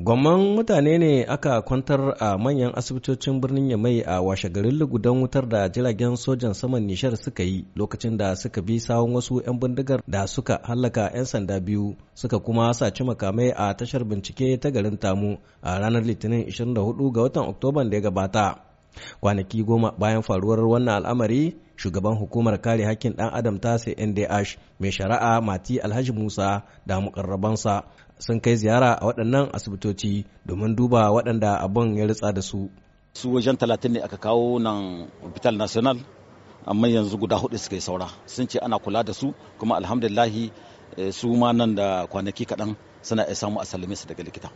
Gwamman mutane ne aka kwantar a manyan asibitocin birnin Yamai a washe garin lugudan wutar da jiragen sojan saman nishar suka yi lokacin da suka bi sawon wasu 'yan bindigar da suka hallaka 'yan sanda biyu suka kuma saci makamai a tashar bincike ta garin Tamu a ranar Litinin 24 ga watan Oktoban da ya gabata. kwanaki goma bayan faruwar wannan al'amari shugaban hukumar kare hakkin dan adam ta sai ndh mai shari'a mati alhaji musa da mukarrabansa sun kai ziyara a waɗannan asibitoci domin duba waɗanda abin ya ritsa da su su wajen talatin ne aka kawo nan hospital national amma yanzu guda hudu suka yi saura sun ce ana kula da su kuma alhamdulillahi eh, su ma nan da kwanaki kaɗan suna iya samu a su daga likita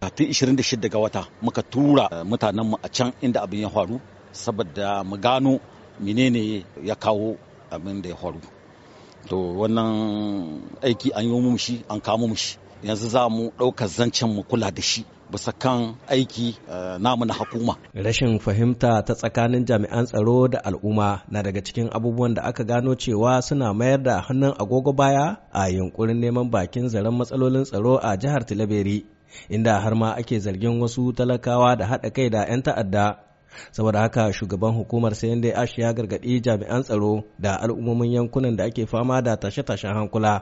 kafin 26 ga wata muka tura eh, mutanenmu a can inda abin ya faru saboda mu gano menene ya kawo abin da ya faru to wannan aiki an yi mu shi an kamo mu shi yanzu za mu ɗaukar zancen mu kula da shi bisa kan aiki eh, namu na hukuma. Rashin fahimta ta tsakanin jami'an tsaro da al'umma na daga cikin abubuwan da aka gano cewa suna mayar da hannun agogo baya a yunkurin neman bakin zaren matsalolin tsaro a jihar Tilaberi. Inda har ma ake zargin wasu talakawa da haɗa kai da 'yan ta'adda saboda haka shugaban hukumar sayan da ash ya gargaɗi jami'an tsaro da al'ummomin yankunan da ake fama da tashe-tashen hankula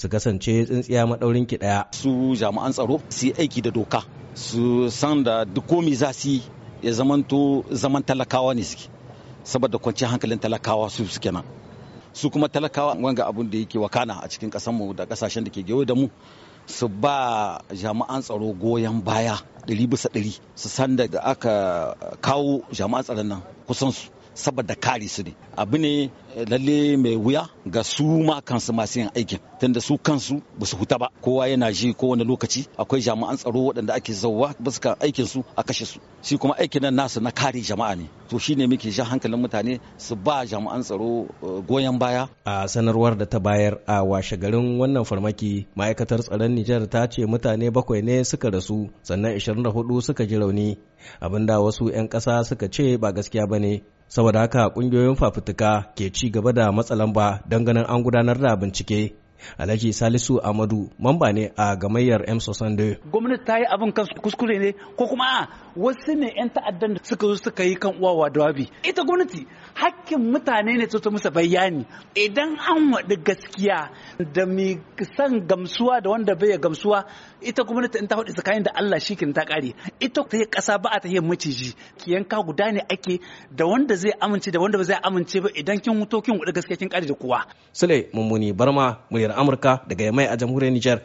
su kasance tsintsiya maɗaurin ki ɗaya. su jami'an tsaro su yi aiki da doka su san da duk komi za su yi ya zamanto zaman talakawa ne suke saboda kwanciyar hankalin talakawa su suke nan su kuma talakawa wanga abun da yake wakana a cikin kasanmu da kasashen da ke gewe da mu su ba jami'an tsaro goyon baya ɗari bisa ɗari su san da aka kawo jami'an tsaron nan kusan su saboda kare su ne abu ne eh, lalle mai wuya ga su ma kansu masu yin aikin tunda su kansu ba su huta ba kowa yana ji kowane lokaci akwai jami'an tsaro waɗanda ake zauwa ba su aikin su a kashe su shi kuma aikin nan nasu na kare jama'a ne to shine muke jan hankalin mutane su ba jami'an tsaro eh, goyon baya a sanarwar da ta bayar a washe garin wannan farmaki ma'aikatar tsaron Nijar ta ce mutane bakwai ne suka rasu sannan 24 suka ji rauni abinda wasu 'yan ƙasa suka ce ba gaskiya bane saboda haka ƙungiyoyin fafutuka ke ci gaba da matsa lamba don ganin an gudanar da bincike Alhaji Salisu Amadu mamba ne a gamayyar M62. Gwamnati ta yi abin kan kuskure ne ko kuma wasu ne 'yan ta'addan da suka zo suka yi kan uwa dawabi. Ita gwamnati hakkin mutane ne ta musa bayani idan an waɗi gaskiya da mai san gamsuwa da wanda bai gamsuwa ita gwamnati in ta faɗi tsakanin da Allah shi ta ƙare ita ta yi ƙasa ba a ta yi maciji yanka guda ne ake da wanda zai amince da wanda ba zai amince ba idan kin wuto kin waɗi gaskiya kin ƙare da kowa. Sule Mummuni Barma mu jamhuriyar Amurka daga Yamai a jamhuriyar niger